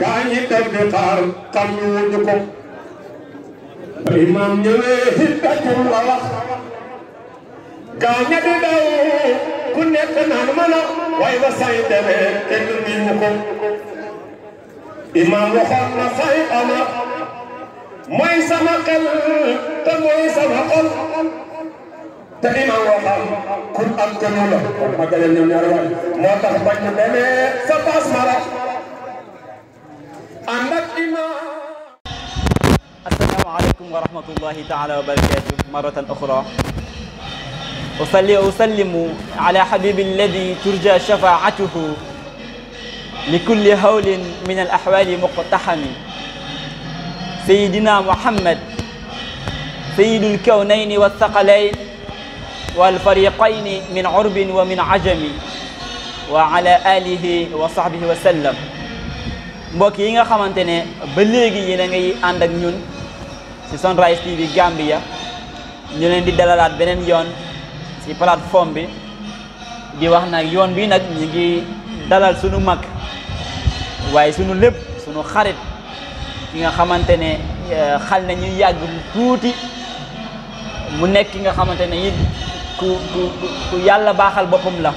gaa ñi def di xaar xam ñu wuñu ko ba imaam ñëwee hiddatu la wax gaa ña di daw ku nekk naan mana way ba say demee te ñu ñu ko imaam waxoon na say ama mooy sama xel te mooy sama xol te imaam waxam kun am gënu la kon ma gëlëm ñoom ñaar waay moo tax bañ ñu demee sa paas mara السلام عليكم ورحمة الله تعالى وبركاته مرة أخرى أصلي وأسلم على حبيب الذي ترجى شفاعته لكل هول من الأحوال مقتحم سيدنا محمد سيد الكونين والثقلين والفريقين من عرب ومن عجم وعلى آله وصحبه وسلم mbokk yi nga xamante ne ba léegi yéen a ngay ànd ak ñun ci Sunrise TV ya ñu leen di dalalaat beneen yoon si plateforme bi di wax nag yoon bi nag ñu ngi dalal suñu mag waaye sunu lépp suñu xarit ki nga xamante ne euh, xal na ñu yàgg tuuti mu nekk ki nga xamante ne it ku ku ku yàlla baaxal boppam la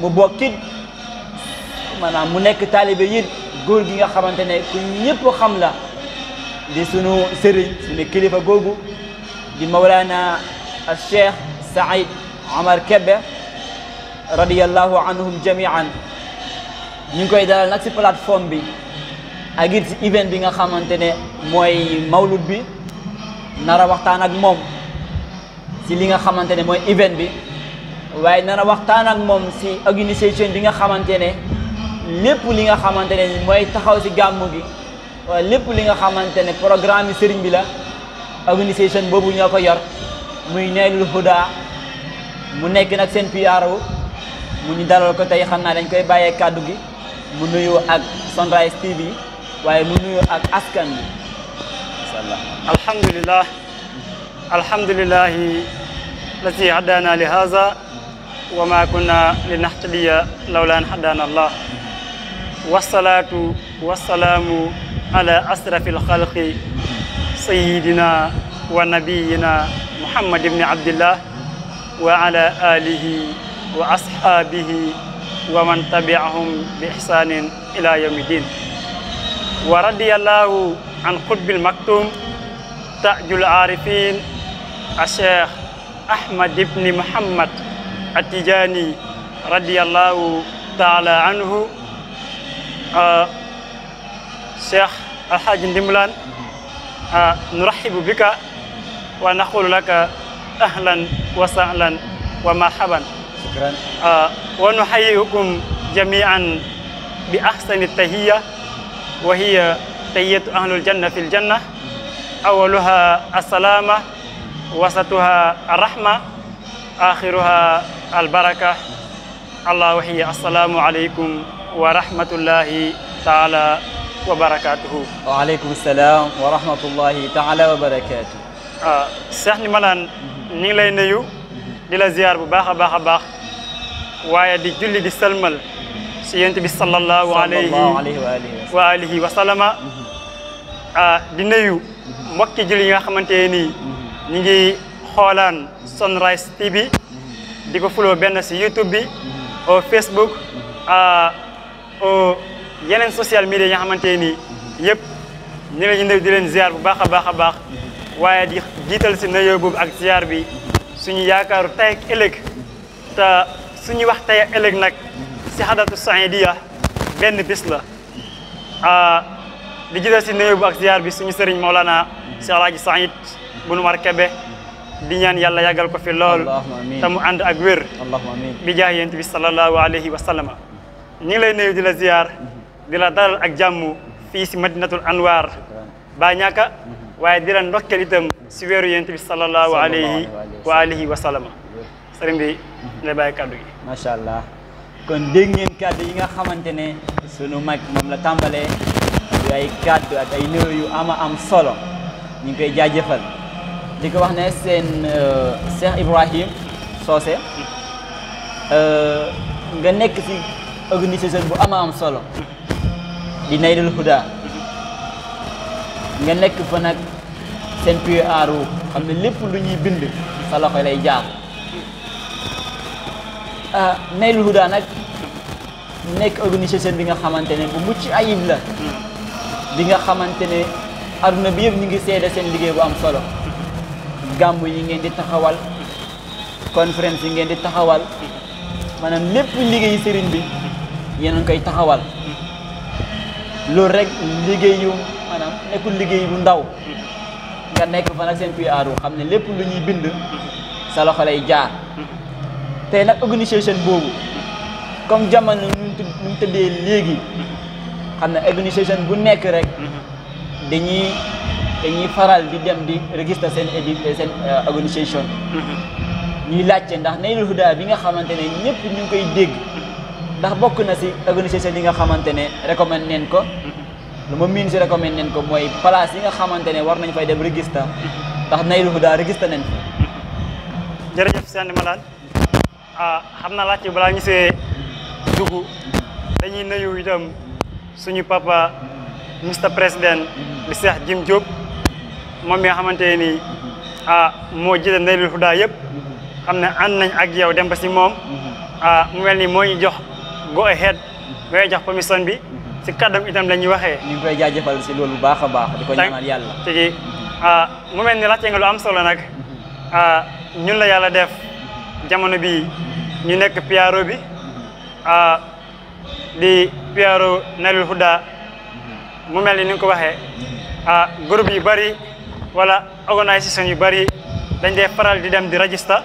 mu bokkit maanaam mu nekk taalibe it góor gi nga xamante ne ku ñëpp xam la di sunu sëriñ sunu kilifa googu di mawlaana Cheikh Saïd Omar Kébé radiyallahu anhum jamian ñu ngi koy dalal nag si plateforme bi ak si event bi nga xamante ne mooy mawlud bi nar waxtaan ak moom si li nga xamante ne mooy event bi waaye nar a waxtaan ak moom si organisation bi nga xamante ne lépp li nga xamante ne ni mooy taxaw si gàmmu gi wala lépp li nga xamante ne programme yi sëriñ bi la organisation boobu ñoo ko yor muy Naylul Huda mu nekk nag seen PR mu ñu dalal ko tey xam naa dañ koy bàyyee kàddu gi mu nuyu ak Sunrise TV waaye mu nuyu ak askan bi incha allah. alhamdulilah alhamdulilah lati haddaana li haza wa ma kunna li nahtadiya lawla an haddaana allah. والصلاة والسلام على أسرف الخلق سيدنا ونبينا محمد بن عبد الله وعلى آله وأصحابه ومن تبعهم بإحسان إلى يوم الدين ورضي الله عن قطب المكتوم تاج العارفين الشيخ أحمد بن محمد التجاني رضي الله تعالى عنه آه، شيخ الحاج ديملان آه، نرحب بك ونقول لك أهلا وسهلا ومرحبا شكرا آه، ونحييكم جميعا بأحسن التهية وهي تهية أهل الجنة في الجنة أولها السلامة وسطها الرحمة آخرها البركة الله وهي السلام عليكم wa rahmatullahi taala wa barakatuhu waaleykum salaam wa rahmatullahi taala wa barakatuhu waaw ah, Cheikh Ndimbalane ñu ngi lay nuyu di la ziar bu baax a baax a baax waaye di julli di salmal si yent bi sallallahu alayhi wa alihi wa sallama ah, di nuyu mbokki julli yi nga xamante ne nii ñu ngi xoolaan Sunrise TV di ko fuloo benn si YouTube bi au Facebook ah, yeneen social media yi nga yep, ni yëpp ñu ngi di leen ziar bu baax a baax a baax waaye di jiital si nuyoo boobu ak ziar bi suñu yaakaaru tey ak ëllëg te suñu wax tey ak ëllëg nag si xadatu saïdiya benn bis la di jiital si nuyoo bu ak ziar bi suñu sëriñ Maulana si Alaaji Saïd bu nu war Kebe di ñaan yàlla yàggal ko fi lool te mu ànd ak wér bi jaay yent sallallahu alayhi wa sallam ñi ngi lay nuyu di la ziyaar di la dalal ak jàmm fii si madinatul anwar ba ñàkka waaye di la ndokkeel itam si weeru yonent bi sallallahu alayhi wa alihi bi lay bàyyi kàddu macha allah kon dégg ngeen kàddu yi nga xamante ne sunu mag moom la tàmbalee yu ay kàddu ak ay néew yu ama am solo ñu koy jaajëfal di ko wax ne seen euh, Cheikh Ibrahim Socé euh, nga nekk si organisation bu ama am solo di Naylul Huda nga nekk fa nag seen pied à xam ne lépp lu ñuy bind sa loxo lay jaar ah Naylul Huda nag nekk organisation bi nga xamante ne bu mucc ayib la bi nga xamante ne aduna bi yëpp ñu ngi seede seen liggéey bu am solo gàmb yi ngeen di taxawal conférence yi ngeen di taxawal maanaam lépp liggéeyu sëriñ bi yéen a koy taxawal loolu rek liggéeyu maanaam nekkul liggéey bu ndaw nga nekk fa nag seen PR xam ne lépp lu ñuy bind sa loxo lay jaar te nag organisation boobu comme jamono nu mu tëddee léegi xam ne organisation bu nekk rek dañuy dañuy faral di dem di registre seen édi seen euh, organisation ñuy laajte ndax Naylul Huda bi nga xamante ne ñëpp ñu ngi koy dégg ndax bokku na si organisation yi nga xamantene recommend recommande ko lu ma miin si recommande neen ko moy place yi nga xamantene war nañ fay dem register ndax nayru huda register nañ fi jërëjëf sandi ma ah xamna naa laajte balaa ñu see dañuy nuyu itam suñu papa Mr President li Cheikh Jim Job, mom mi xamantene ni ah mo jiite nayru huda yëpp xamna an nañ ak yow dem ba ci mom ah mu melni moy jox go ahead ngay jax permission bi mhm. si kàddam itam la ñuy waxee. ñu koy jaajëfal si loolu bu baax a baax. di ko ñaanal yàlla tigi ah, mu mel ni laajte nga lu am solo nag mhm. ah, ñun la yàlla def jamono bi ñu nekk piaro bi mhm. ah, di piaro Nurul Huda mu mel ni ni ko waxee groupe yu bari wala organisation yu bari dañ dee faral di dem di register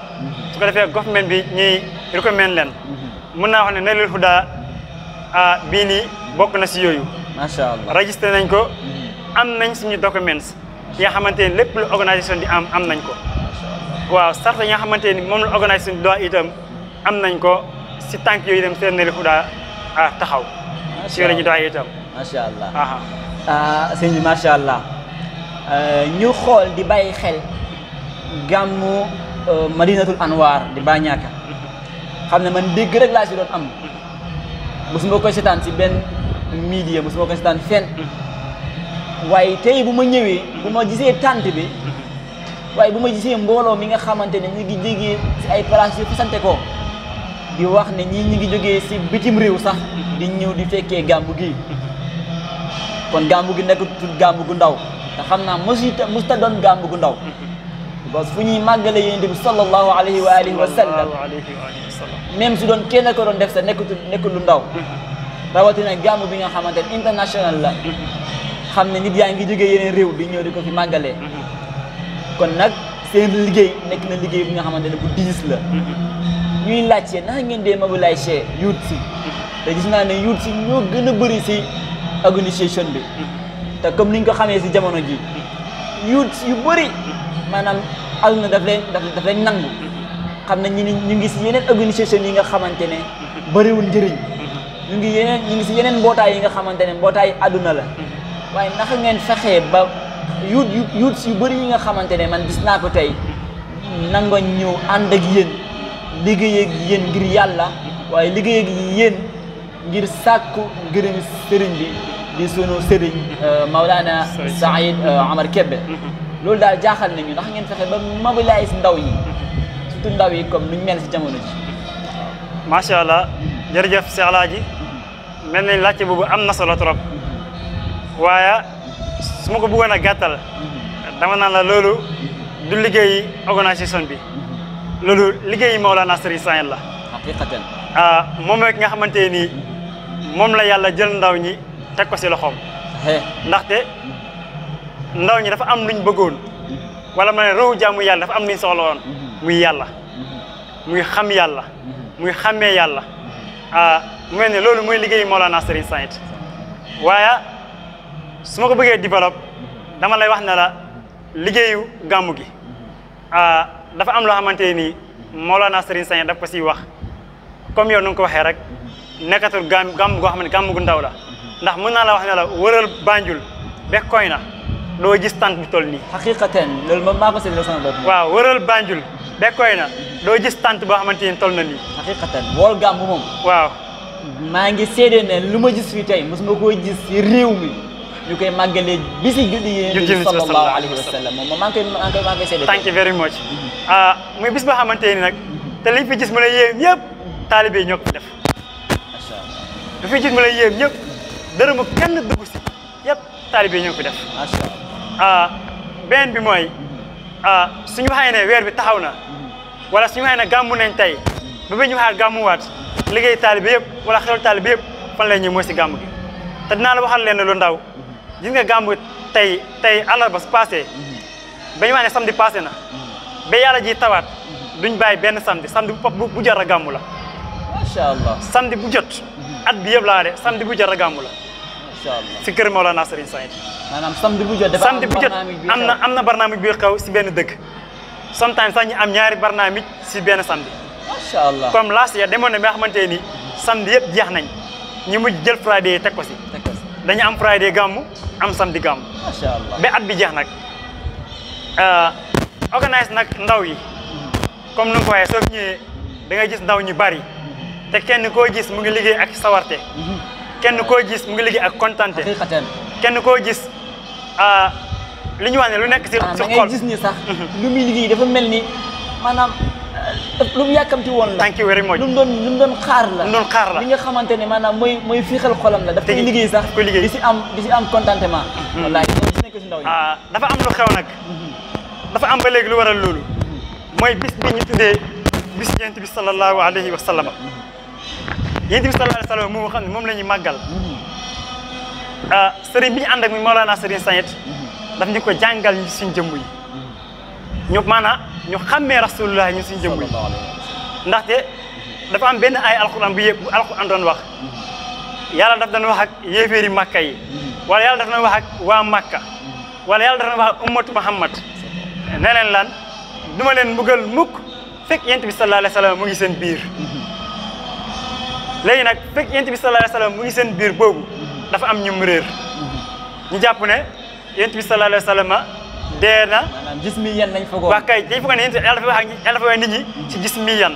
su ko defee government bi ñuy recommend leen. mun naa wax ne Naylul Huda ah, bii nii bokk na si yooyu. macha allah registré nañ ko. Mm-hmm. am nañ suñu documents yi nga xamante ne lépp lu organisation di am am nañ ko. waaw sart yi nga xamante ni moom la organisation doit itam am nañ ko si tànk yooyu itam seen Naylul Huda ah, taxaw. si yooyu ñu ñuy doxee itam. macha allah ah sëñ macha allah euh, ñu xool di bàyyi xel gàmmu euh, Madinatul Anwar di Banyanka. xam ne man dégg rek laa si doon am mosuma koy seetaan si benn media mosuma koy seetaan fenn waaye tey bu ma ñëwee bu ma gisee tant bi waaye bu ma gisee mbooloo mi nga xamante ne ñu ngi jógee si ay place yu fasante ko di wax ne ñii ñu ngi jógee si bitim réew sax di ñëw di fekkee gàmbu gi kon gàmbu gi nekkatul gàmbu gu ndaw te xam naa mosuta mosuta doon gàmbu gu ndaw parce que fu ñuy màggale yonent bi sallallahu alayhi wa alihi wa sallam même su doon kenn ko doon def sa nekkatu nekkul lu ndaw rawatina gàmmu bi nga xamante ne international la xam ne nit yaa ngi jógee yeneen réew di ñëw di ko fi màggalee kon nag seen liggéey nekk na liggéey bi nga xamante ne bu diis la ñuy laajte naka ngeen dee mobiliser youth si te gis naa ne youth si ñoo gën a bëri si organisation bi te comme ni ñu ko xamee si jamono ji youth yu bëri maanaam àdduna daf leen daf leen nan xam ne ñu ni ñu ngi si yeneen organisation yi nga xamante ne bëriwul njëriñ ñu ngi yeneen ñu ngi si yeneen mbootaay yi nga xamante ne mbootaay àdduna la waaye naka ngeen fexee ba yuut yuut yu bëri yi nga xamante ne man gis naa ko tey nangoñ ñëw ànd ak yéen liggéeyeek ak yéen ngir yàlla waaye liggéey ak yéen ngir sàkku ngërëm sëriñ bi di sunu sëriñ euh, Maulana Saïd Amar euh, Kébé loolu daal jaaxal nañu ndax ngeen fexe ba mobiliser ndaw yi surtout ndaw yi comme nuñ mel si jamono ji macha allah jërëjëf Cheikh Alaaji mel nañ laajte boobu am na solo trop waaye su ma ko bëggoon a gàttal dama na la loolu du liggéey organisation bi loolu liggéeyi Mawlana Serigne Sahel la xaqiqatan ah moom rek nga xamante nii moom la yàlla jël ndaw ñi teg ko si loxoom eh. ndaxte ndaw ñi dafa am luñ bëggoon wala ma ne réew jaamu yàlla dafa am luñ soxla woon muy yàlla muy xam yàlla muy xàmmee yàlla ah mu mel ne loolu mooy liggéey Mawlana Serigne Saint waaye su ma ko bëggee développe dama lay wax ne la liggéeyu gàmmu gi ah dafa am loo xamante ni Mawlana Serigne Saint daf ko siy wax comme yow nu nga ko waxee rek nekkatul gàmm gàmm goo xam ne gu ndaw la ndax mën naa la wax ne la Banjul bekkoy na doo gis tànk bu toll nii. xaqiqatan loolu moom maa ko séddale sama bopp. waaw wëral Banjul bekkoy na doo gis tànk boo xamante ni toll na ni xaqiqatan wool waaw. maa ngi séedee ne lu ma gis fii tey mosuma koo gis si réew mi ñu koy màggalee bi si julli yéen bi sallallahu alayhi wa sallam moom moom maa ngi koy maa ngi koy maa ngi ah, bis boo xamante ni nag te liñ fi gis mu la yéem yëpp taalibe ñoo ko def. macha allah lu fi gis mu la yéem yëpp def. Ah, benn bi mooy ah, suñu waxee ne weer bi taxaw na wala suñu waxee ne gàmmu nañ tey ba ba ñu waxaat gàmmuwaat liggéey taalibe yëpp wala xelal taalibe yëpp fan lay ñëw mooy si gàmm gi te dinaa la waxal leen lu ndaw gis nga gàmm tey tey àllarba su passé ba ñu wax ne na ba yàlla ji tawaat duñ bàyyi benn samedi samedi bu bu jar a gàmm la. macha allah bu jot bi yëpp laa de bu jar a gàmm la. si kër Maolana Serigne Saïd maanaam samedi bu jot dafa am na am na barnaamij bi xew si benn dëkk sometimes sax ñu am ñaari barnaamij si benn samedi macha allah comme last ya demoon na mi nga xamante ni samedi yëpp jeex nañ ñu mujj jël Friday yi teg ko si dañu am Friday gàmmu am samedi gàmmu macha allah ba at bi jeex nag eh, organise nag ndaw yi comme nu nga ko waxee soo ñëwee da ngay gis ndaw ñu bari te kenn koo gis mu ngi liggéey ak sawarte mhm. kenn koo gis mu ngi liggéey ak kontante kenn ko gis ah, li ñu wax ne lu nekk si ah, si xol ni sax mhm. lu muy liggéey dafa mel ni maanaam eh, lu mu yàkkamti woon la tànki wér mooy lu mu doon lu xaar la lu mu doon xaar la li nga xamante ne maanaam mooy mooy fiixal xolam la daf koy liggéey sax di si am di si am contentement mhm. wallaay gis nañ ndaw yi ah, dafa am lu xew mhm. dafa am ba léegi lu waral loolu mooy bis bi ñu tuddee bis yent bi sallallahu alayhi wa yéen tamit sallallahu alayhi wa sallam moom xam ne moom la ñuy màggal ah, sëriñ bi ñu ànd ak mi Maolana sëriñ Sayet daf ñu ko jàngal ñu suñ jëmm yi ñu maanaam ñu xàmmee rasulullah ñu suñ jëmm yi ndaxte dafa am benn ay alquran bu yëpp bu alquran doon wax yàlla daf doon wax yéeféeri màkka yi wala yàlla daf doon wax waa màkka wala yàlla daf doon wax ummatu muhammad ne leen lan duma leen mbugal mukk fekk yent bi sallallahu alayhi mu ngi seen biir léegi nag fekk yent bi sallallahu alayhi wa sallam mu ngi seen biir boobu dafa am ñum réer ñu ne yent bi sallallahu alayhi wa sallam dee na gis mi yan lañ fogoon waa kay dañ yent yàlla dafa ci gis mi yan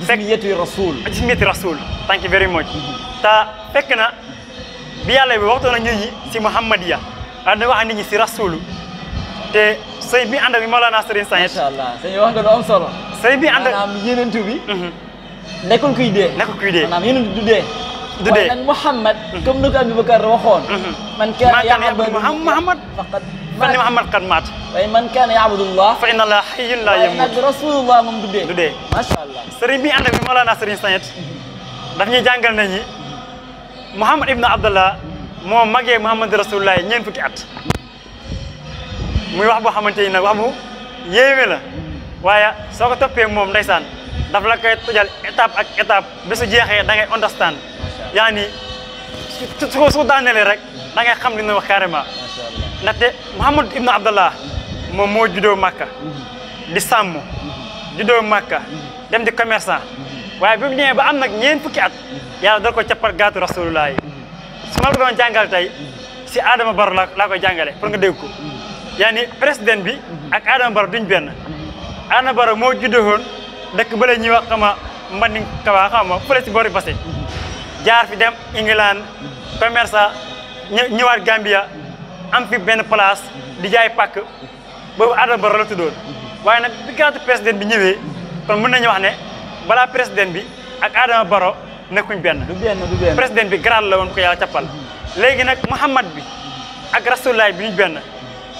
gis mi yetti rasul gis mi yetti rasul fekk na bi yàlla bi waxtoon na nit ñi si muhammadiya a da wax nit ñi si rasulu te sëñ bi ànd ak Mawlana Serigne Saint. macha nekkul kuy dee. nekkul kuy dee maanaam yéen du dee. du dee waaye nag Mouhamad. Mhm. comme ni ko Abubakar waxoon. Mhm. man kaana yaabudu Mouhamad faqad qad maat. waaye man kaana yaabudullah. fa bi ànd ak bi Sañet daf ñuy jàngal nañu Mouhamad ibn Abdallah moo magee Mouhamad rasulullah ñeent fukki at. muy wax boo xamante ni nag wax bu yéeme la waaye soo ko toppee moom ndeysaan. daf la koy tudjal étape ak étape bi su da ngay understand yani ni su ko su ko daanelee rek da ngay xam li ñu wax carrément ndaxte Mouhamad Ibn Abdallah mo mo juddoo Makka mhm. di sàmm mhm. juddoo Makka mhm. dem di commerçant waye bimu mu ba am nak ñeen fukki at yalla dal ko cappal gatu rasulullah su ma ko doon jàngal si Adama bar la laa koy jàngale pour nga dégg ko yani president bi ak Adama bar duñ ben Adama bar mo juddoo hon dekk bele ñi wax xama ka wax xama fële ci bori passé jaar fi dem England Gambia am fi ben place di jaay pàkk bo Adama ba la tudon waaye nak bi gàtt president bi ñewé kon mën nañ wax né bala president bi ak adam baro nekkuñ ben du ben du ben president bi grand la won ko yalla légui nak Muhammad bi ak Rasulullah bi ñu ben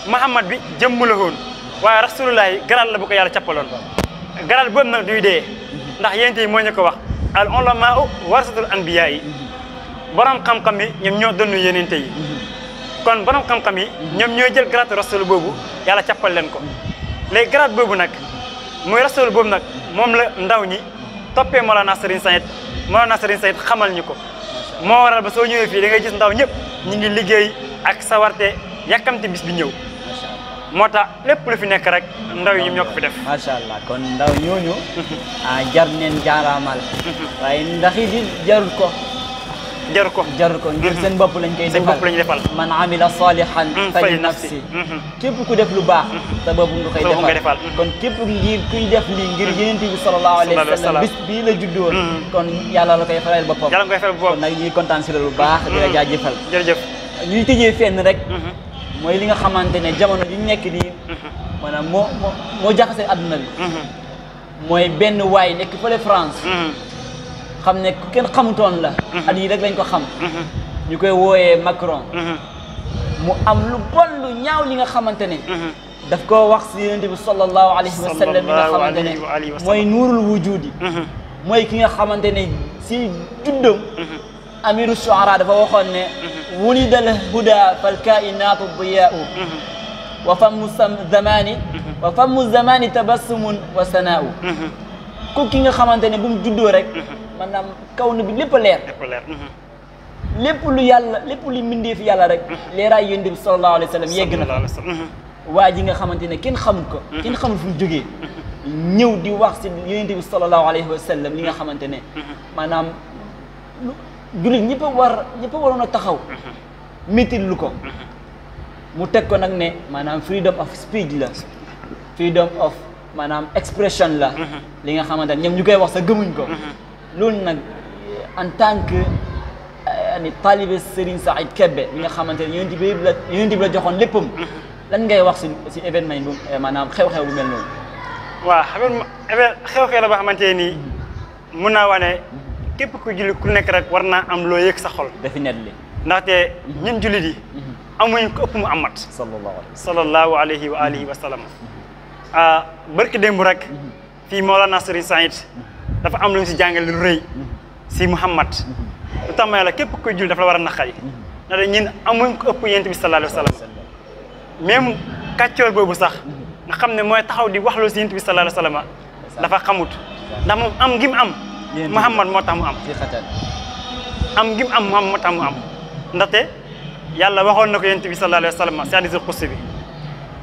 Muhammad bi jëm la woon waye Rasulullah grand la bu ko yalla garaat boobu nag duy dee ndax yént yi moo ñu ko wax al ulama warasatul anbiya yi borom xam-xam yi ñoom ñoo donnu yénente yi kon borom xam-xam yi ñoom ñooy jël garaat rasul boobu yàlla cappal leen ko léegi garaat boobu nag muy rasul boobu nag moom la ndaw ñi toppee Mawlana Serigne Saïd Mawlana Serigne Saïd xamal ñu ko moo waral ba soo ñëwee fii da ngay gis ndaw ñëpp ñu ngi liggéey ak sawarte yàkkamti bis bi ñëw moo tax lépp lu fi nekk rek ndaw yi ñoo ko fi def. macha allah kon ndaw ñooñu. ah jar neen jaaraamal. waaye ndax it jarul ko. jarul ko jarul ko ngir mm-hmm. seen bopp lañ koy. defal seen bopp lañ defal. man amila salihan mm-hmm. fali nafsi mm-hmm. képp ku def lu baax. sa bopp nga koy defal kon képp ngir kuy def lii ngir yonent bi sallallahu alayhi wa sallam bis bii la juddoon. kon yàlla la koy faral boppam. yàlla la koy faral boppam kon nag ñuy la lu baax. di la jaajëfal jërëjëf. ñuy tëjee fenn rek. mooy li nga xamante ne jamono ji nekk nii. Mhm. maanaam moo moo moo jaxase adduna bi. Mhm. mooy benn waay nekk fële France. Mhm. xam ne ku kenn xamutoon la. at yi rek lañ ko xam. ñu koy wooyee Macron. mu am lu bon ñaaw li nga xamante ne. daf koo wax si yonent bi sallallahu alayhi wa sallam mooy nuurul wujudi mooy ki nga xamante ne si juddam. amiru shuara dafa waxoon ne wulidal huda fal kainatu diyaau wa famu zamani wa famu zamani tabassumun wa sanaau ku ki nga xamante ne bu mu juddoo rek maanaam kaw na bi lépp a leer lépp lu yàlla lépp lu mbindee fi yàlla rek leeraay yonent bi sallallahu alayhi wa sallam yegg na waa ji nga xamante ne kenn xamul ko kenn xamul fu mu jógee ñëw di wax si yonent bi sallallahu alayhi wa sallam li nga xamante ne maanaam jullit ñëpp war ñëpp waroon a taxaw. mitil mhm. lu ko. Mhm. mu teg ko nag ne maanaam freedom of speech la. freedom of maanaam expression la. Mhm. li nga xamante ne ñoom ñu koy wax sa gëmuñ ko. loolu nag en tant que ani euh, taalibe Serigne Saïd Kebbe mi nga xamante ne yonent bi la yonent bi la joxoon léppam. lan ngay wax si si événement yi euh, maanaam xew-xew bu mel noonu. waaw xam xew-xew la boo xamante nii mun naa wane. képp ku julli ku nekk rek war naa am loo yëg sa xol. definitely ndaxte ñun jullit yi. amuñ ko ëpp mu amat. sallallahu alayhi wa alihi wa sallam. Ah, barki démb rek. fii Mawlana Serigne Saïd dafa am lu si jàngale lu rëy. si Muhammad. lu tax ma la képp kuy julli dafa la war a naqari. ndaxte ñun amuñ ko ëpp yent bi sallallahu alayhi wa sallam. même kàccoor boobu sax. nga xam ne mooy taxaw di wax lool si yent bi sallallahu alayhi wa sallam dafa xamut. ndax moom am gi am. Muhammad moo tax am am gi am Muhammad moo tax am ndate yàlla waxoon na ko yonent bi sallallahu alayhi wa si hadiisul qudsi bi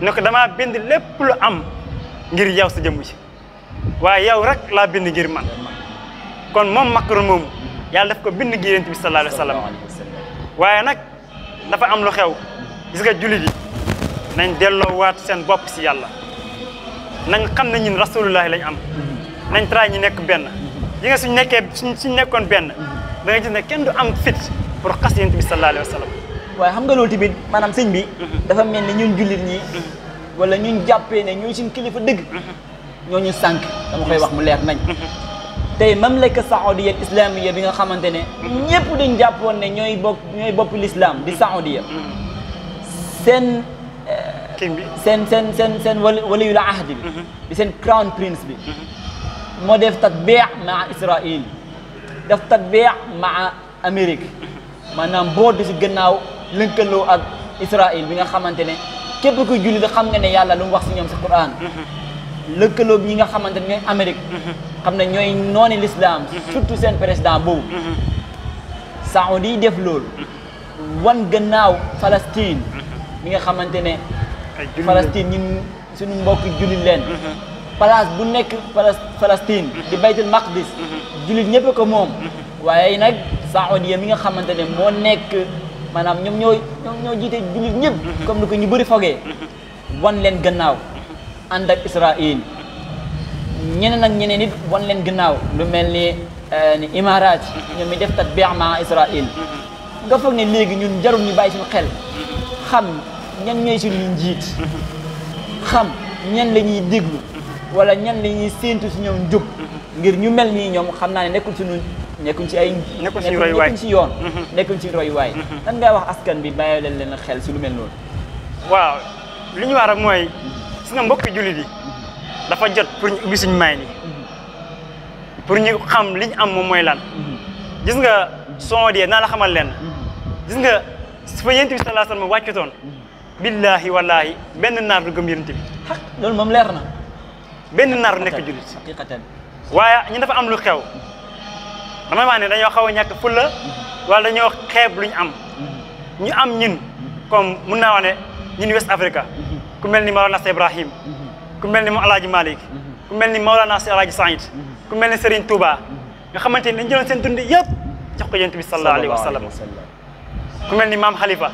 ne ko damaa bind lépp lu am ngir yow sa jëmm ji waaye yow rek laa bind ngir man kon moom makkaroon moomu yàlla daf ko bind ngir yonent bi sallallahu alayhi wa waaye nag dafa am lu xew gis nga jullit yi nañ delloowaat seen bopp si yàlla nañ xam na ñun rasulullahi lañ am mm-hmm. nañ traa ñi nekk benn yi nga suñ nekkee suñ nekkoon benn da nga ne kenn du am fit pour xas yonent bi sallallahu alayhi wa sallam waaye xam nga loolu tamit maanaam sëñ bi mhm. dafa mel ni ñun jullit ñi mhm. wala ñun jàppee ne ñooy suñ kilifa dëgg mhm. ñooñu sànq dama koy wax mu leer nañ tey mamlaka saoudiya islamiya bi nga xamante ne ñëpp dañ jàppoon ne ñooy bopp ñooy bopp l'islam di saoudiya seen king bi eh, seen seen seen seen wali waliyu la ahdi bi seen crown prince bi moo def tatbiix maa Israël def tatbiix ma Amérique maanaam boo di si gannaaw lëkkaloo ak Israël bi nga xamante ne képp kuy julli da xam nga ne yàlla lu mu wax si ñoom si Quran lëkkaloo ñi nga xamante ne ñooy Amérique xam ne ñooy nooni l'islam surtout seen président boobu Saoudi def lool wan gannaaw Palestine bi nga xamante ne Palestine ñun suñu mbokk julli leen place bu nekk Palestine di baytul maqdis jullit ñëpp ko moom waaye nag saoudia mi nga xamante ne moo nekk maanaam ñoom ñoo ñoom ñoo jiite jullit ñëpp comme ni ko ñu bëri fogee wan leen gannaaw ànd ak Israël ñeneen nag ñeneen nit wan leen gannaaw lu mel ni euh, ni Imaaraat ñoom mi def tat biama Israël nga foog ne léegi ñun jarul ñu bàyyi suñu xel xam ñan ñooy suñuy njiit xam ñan la ñuy wala ñan li ñi sentu ci ñom juk ngir ñu mel ni ñom xam naa ne nekul suñu nekkul ci ay nekul ci ci yoon mm-hmm. nekul ci roy way tan mm-hmm. nga wax askan bi bàyyi leen leen xel ci lu mel non waaw li ñu war ak moy suñu mbokk mbokki julit yi dafa jot pour ñu ubi suñu may ni mm-hmm. pour ñu xam liñ am mo moy lan gis nga son dee na la xamal leen gis nga fa yentu sallallahu alayhi wasallam ton billahi wallahi ben naar du gëm yent bi lool mom leer na benn nar nekk jullit waaye ñu dafa am lu xew damay wax ne dañoo xaw a ñàkk fulla wala dañoo xeeb lu ñu am ñu am ñun comme mun naa wax ne ñun West Africa ku mel ni Maolana Seydou Ibrahim ku mel ni moom Alaaji Malick ku mel ni Maolana si Alaaji Saïd ku mel ni Serigne Touba nga xamante ni dañu jëloon seen dund yëpp jox ko yonent bi sallallahu alayhi wa sallam ku mel ni Maam Khalifa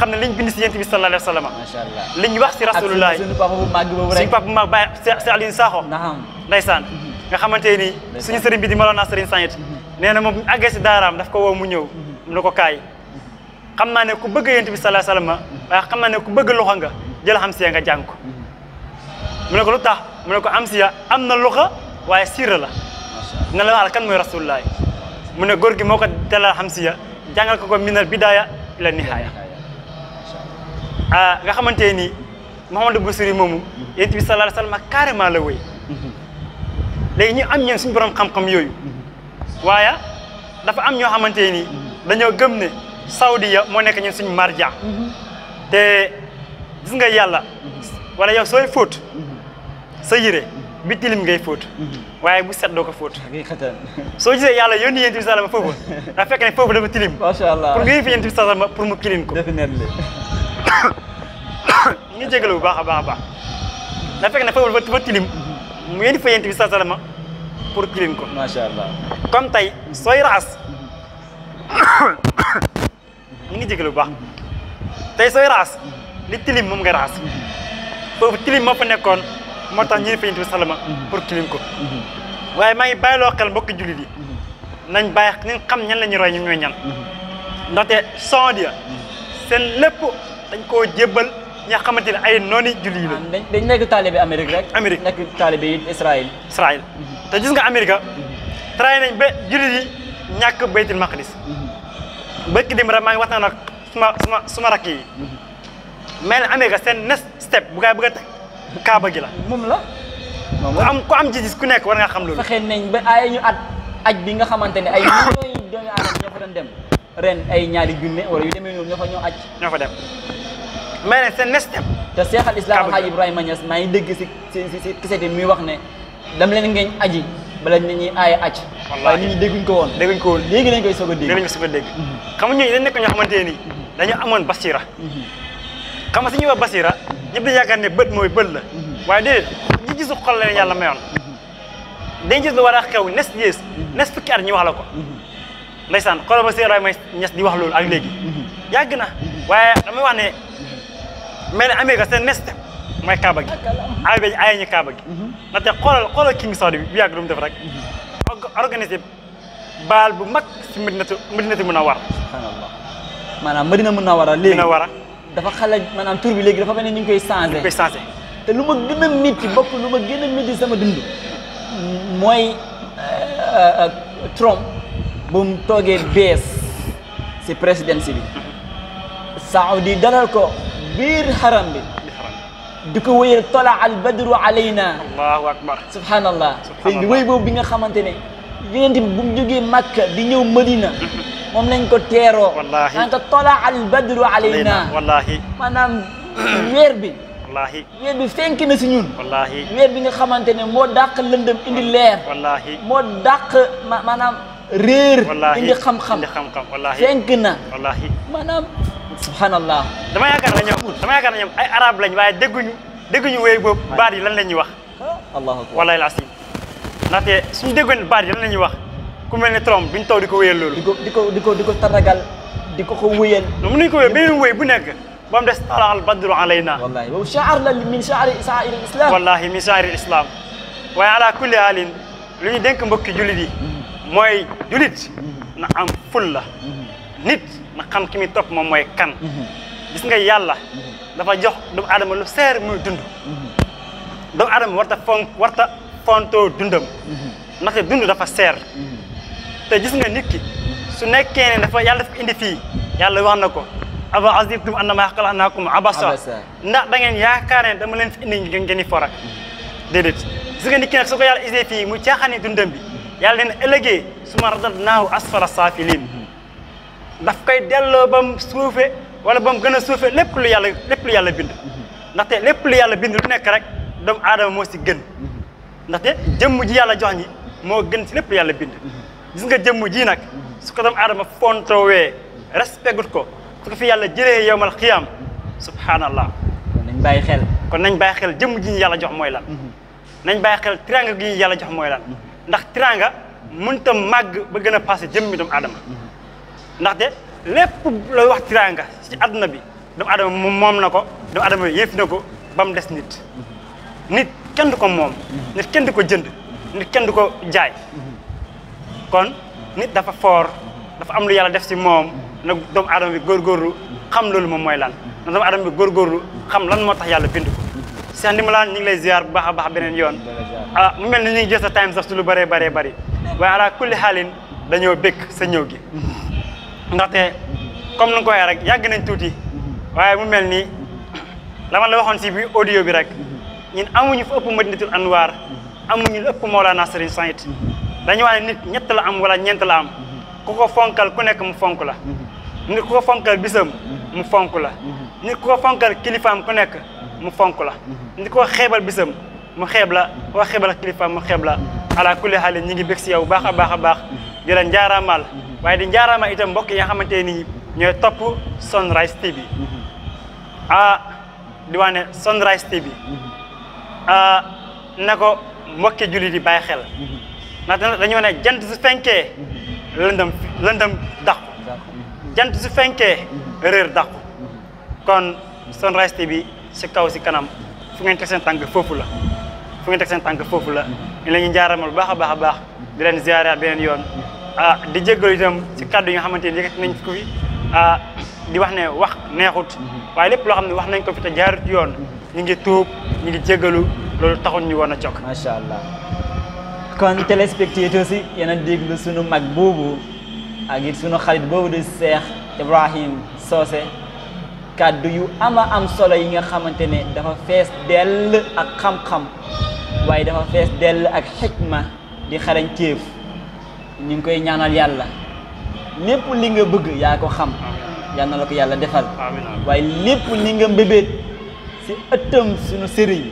xam liñ bind ci yentibi sallallahu alayhi wasallam machallah liñ wax ci rasulullah suñu papa bu mag boobu rek suñu papa bu mag cheikh si Alioune Sakho naam ndeysaan nga xamanteni suñu serigne bi di malona serigne sanet neena mhm. nee agge ci daram daf ko wo mu ñew mu ne ko kaay mhm. xam ne ku bëgg yentibi sallallahu alayhi wasallam mhm. wax xamna ne ku bëgg loxo nga jël xam si nga jank mu ne ko lu mu ne ko am siya amna na loxo waye siira la na la wax kan moy rasulullah mu ne gor gi moko ko dalal xam siya jangal ko ko minal bidaya ila nihaya a ah, nga xamante ni Mouhamadou Boussiri moomu yonent bi sallallahu alayhi wa sallam carrément la wéy léegi ñu am ñeen suñ borom xam-xam yooyu waaye dafa am ñoo xamante ni dañoo gëm ne Saudiya moo nekk ñun suñu marja te gis nga yàlla wala yow sooy fóot sa yére bi tilim ngay fóot waaye bu set doo ko fóot soo gisee yàlla yónni yonent bi sallallahu alayhi wa sallam fekk ne foofu dafa tilim macha allah pour nga yónni yonent bi sallallahu alayhi pour mu kilin ko ñu jégalu bu baax a baax a baax na fekk na fewul ba ba tilim mu yéen fa yent bi sallama salama pour tilim ko sha allah comme tay soy ras ñu ngi jégalu bu baax tay soy ras li tilim moom nga ras fofu tilim ma fa nekkoon moo tax ñu fa yent bi salama pour tilim ko waye ma ngi bàyyiloo xel mbokki julit yi nañ bàyyi nañ xam ñan lañu roy ñu ñooy ñan ndaxte son dia seen dañ ko jébal ña xamanteni ay noni julli la dañ nek talibé taalibe Amérique rek. Amérique nek talibé yi Israël. Israël te gis nga Amérique traay nañ be julli yi ñak baytul maqdis bëkk dim rek maa ngi wax suma suma suma rak yi mel Amérique sen next step bu gaa bëgg a teg kaaba gi la. mum la. ku am ko am jiss ku nek war nga xam loolu. fexe nañ ba ay ñu at aj bi nga xamanteni ay ñoy yi doomi aadama ñoo fa dem. ren ay ñaari junne wala yu demee noonu ñoo fa ñoo aj ñoo fa dem mais nag seen nestem te Cheikh al Islam Alhaji Ibrahima Niass maa ngi dégg si si si kisete muy wax ne dam leen ngeen aji bala nit ñi aaya aj waaye nit ñi dégguñ ko woon dégguñ ko woon léegi lañ koy soog a dégg léegi lañ koy soog a dégg xam nga ñooñu dañ nekk ñoo xamante nii dañu amoon basira xam si su ñuy wax basira ñëpp dañu yaakaar ne bët mooy bët la waaye déedéet ñi gisu xol la yàlla mayoon dañ gis war a xew nes yées nes fukki at ñu wax la ko ndeysaan xoolal ba si Ibrahima Niass di wax loolu ak léegi yàgg na waaye damay wax ne mel Amérique seen neste mooy Kaaba gi ay bañ ay Kaaba gi ndaxte xoolal xoolal King Saudi bi bu yàgg lu mu def rek organisé baal bu mag si Madinatu Madinatu Munawwara subhanallah maanaam Madina Munawwara léegi Munawwara dafa xale maanaam tur bi léegi dafa mel ni ñu ngi koy changé koy changé te lu ma gën a métti bopp lu ma gën a métti sama dund mooy euh, euh, Trump bu mu toogee bees si présidence bi saudi dalal ko biir xaram bi di ko wéyal tola al badru alayna allahu akbar subhanallah sëñ bi wéy boobu bi nga xamante ne yonent bi bu mu jógee Makka di ñëw Madina moom lañ ko teeroo wallaahi naan ko tola al badru alayna wallaahi weer bi weer bi fenk na si ñun weer bi nga xamante ne moo dàq lëndëm indi leer moo dàq réer indi xam-xam indi xam-xam wallaahi fenk na wallaahi maanaam subhanallah dama yaakaar na ñoom dama yaakaar na ñoom ay arab lañ waaye dégguñu dégguñu wéy boobu baat yi lan la ñuy wax allahu akbar wallaahi lasim ndaxte suñu déggoon baat yi lan la ñuy wax ku mel ne Trump duñ taw di ko wéyal loolu di ko di ko di ko di ko taragal di ko ko wéyal mën nañu ko wéyal beneen wéy bu nekk ba mu des tala al badru alayna wallaahi boobu shaar la min shaari shaari islam wallaahi min shaari islam waaye ala kulli halin lu ñu dénk mbokki jullit yi mm. mooy julit na am ful la mm-hmm. nit na xam ki muy topp moom mooy kan mm-hmm. gis nga yàlla mm-hmm. dafa jox doomu aadama lu seer muy dund doomu aadama warta fon warta fontoo dundam ndaxte dund dafa seer te gis nga nit ki su nekkee ne dafa yàlla daf indi fii yàlla wax na ko aba azibtum annama xalaqnaakum abasa ndax da ngeen yaakaar ne dama leen fi indi ngeen i fora déedéet gis nga nit ki nag su ko yàlla isee fii mu caaxaan dundam bi yàlla ne ëllëgee suma radadnaahu asfala saafiliin daf koy delloo ba mu suufe wala bam mu gën a suufe lépp lu yàlla lépp yàlla bind ndaxte lépp lu yàlla bind lu nekk rek doomu aadama moo si gën ndaxte jëmm ji yàlla jox ñi moo gën si lépp lu yàlla bind gis nga jëmm ji nag su ko doomu aadama fontowee respecté ko su fi yàlla jëlee yowmal xiyaam subhaanallah kon nañ bàyyi xel kon nañ bàyyi jëmm ji ñu yàlla jox mooy lan mhm. nañ bàyyi xel triangle gi ñu yàlla jox mooy lan ndax tiraanga mënta màgg ba gën a passé jëmmi doomu aadama ndaxte lépp looy wax tiraanga si àdduna bi doomu aadama moom na ko doomu aadama yëf na ko ba mu des nit nit kenn du ko moom nit kenn du ko jënd nit kenn du ko jaay kon nit dafa foor dafa am lu yàlla def si moom nag doomu aadama bi góorgóorlu xam loolu moom mooy lan na doomu aadama bi góorgóorlu xam lan moo tax yàlla bind Cheikh Ndimbalane mu ngi lay ziar bu baax a baax beneen yoon ah mu mel ni ñu ngi sa time sax si lu bëree bëree bëri waaye ala kulli xaalin dañoo békk sa ñëw gi ndaxte comme nu ko waxee rek yàgg nañ tuuti waaye mu mel ni la ma la waxoon si bi audio bi rek ñun amuñu fa ëpp Madinatul Anwar amuñu ëpp Mawlana Serigne Saint dañu wax ne ñett la am wala ñeent la am ku ko fonkal ku nekk mu fonk la nit ko fonkal bisam mu fonk la nit ku ko fonkal kilifaam ku nekk mu fonk la ni ko xeebal bisam mu xeeb la wax xeebal kilifa mu xeeb la ala kulli xaal ñi ngi bég si yow baax a baax a baax di la njaaraamal waaye di njaaraamal itam mbokk yi nga xamante ni ñooy topp Sunrise TV ah di wax ne Sunrise TV ah na ko mbokki julli di bàyyi xel ndax dañoo ne jant su fenkee lëndëm lëndëm dàqu jant si fenkee réer dàqu kon Sunrise TV si kaw si kanam fu ngeen teg seen tànk foofu la fu ngeen teg seen tànk foofu la ñu leen ñu njaaramal baax a baax a baax di leen ziara beneen yoon ah di jéggalu itam si kàddu yi xamante ni nañ ko fi ah, di wax ne wax neexut waaye lépp loo xam ne wax nañ ko fi te yoon ñu ngi tuub ñu ngi jéggalu loolu taxul ñu woon a cok macha allah kon téléspectateurs yi yéen a déglu sunu mag boobu a it sunu xarit boobu di Cheikh Ibrahim Socé kàddu yu ama am solo yi nga xamante ne dafa fees dell ak xam-xam waaye dafa fees dell ak xikma di xarañ téef ñu ngi koy ñaanal yàlla lépp li nga bëgg yaa ko xam yal na la ko yàlla defal waaye lépp li nga mbébét si ëttam suñu sëriñ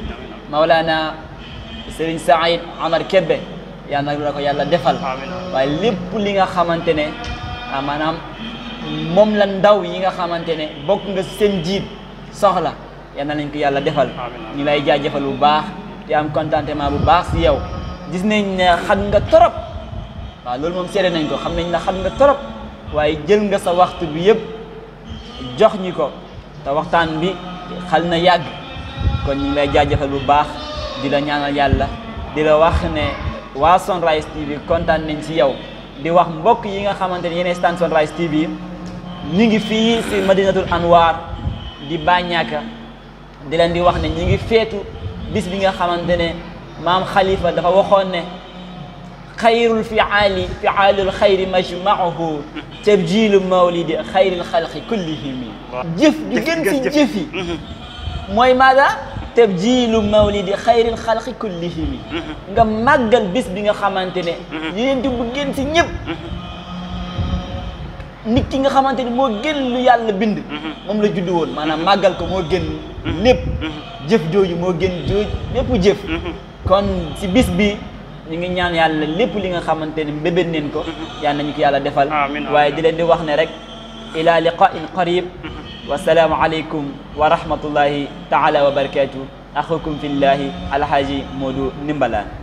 xamante ne ah, maanaam moom la ndaw yi nga xamante ne bokk nga seen jiit soxla yal na lañ ko yàlla defal ñu lay jaajëfal bu baax te am contentement bu baax si yow gis nañ ne xam nga torop waaw loolu moom seede nañ ko xam nañ ne xam nga torop waaye jël nga sa waxtu bi yëpp jox ñi ko te waxtaan bi xal na yàgg kon ñu lay jaajëfal bu baax di la ñaanal yàlla di la wax ne waa Sunrise TV kontaan nañ si yow di wax mbokk yi nga xamante ne yeneen stan Sunrise TV ñingi fi ci madinatul anwar di bañaka di leen di wax ne ñingi fetu bis bi nga xamantene mam khalifa dafa waxone ne xayrul fiaali fiaalul xayri majmaahu tabjilu mawlidi khairul khalqi kullihim jëf di gën ci jëf yi mooy maada tabjilu mawlidi xayril xalqi kullihim nga màggal bis bi nga xamante ne yeneen di bu gën si ñëpp nit ki nga xamante ni moo gën lu yàlla bind mhm. moom la judd woon maanaam mhm. màggal ko moo gën mhm. lépp jëf jooju moo gën jooj lépp jëf si bis bi ñu ngi ñaan yàlla lépp li nga xamante ni mbébét neen ko yal nañu ko yàlla defal waaye di leen di wax ne rek ila liqain qarib wasalaamu aleykum wa rahmatullahi taala wa barakatuh axukum fillahi alhaaji du Ndimbalane